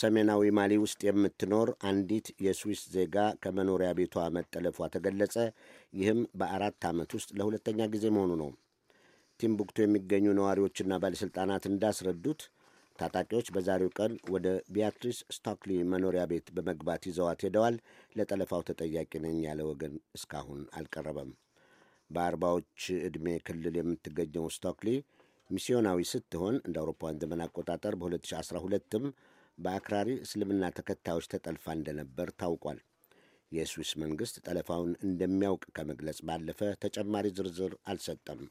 ሰሜናዊ ማሊ ውስጥ የምትኖር አንዲት የስዊስ ዜጋ ከመኖሪያ ቤቷ መጠለፏ ተገለጸ። ይህም በአራት ዓመት ውስጥ ለሁለተኛ ጊዜ መሆኑ ነው። ቲምቡክቱ የሚገኙ ነዋሪዎችና ባለሥልጣናት እንዳስረዱት ታጣቂዎች በዛሬው ቀን ወደ ቢያትሪስ ስታክሊ መኖሪያ ቤት በመግባት ይዘዋት ሄደዋል። ለጠለፋው ተጠያቂ ነኝ ያለ ወገን እስካሁን አልቀረበም። በአርባዎች ዕድሜ ክልል የምትገኘው ስቶክሊ ሚስዮናዊ ስትሆን እንደ አውሮፓውያን ዘመን አቆጣጠር በ2012ም በአክራሪ እስልምና ተከታዮች ተጠልፋ እንደነበር ታውቋል። የስዊስ መንግሥት ጠለፋውን እንደሚያውቅ ከመግለጽ ባለፈ ተጨማሪ ዝርዝር አልሰጠም።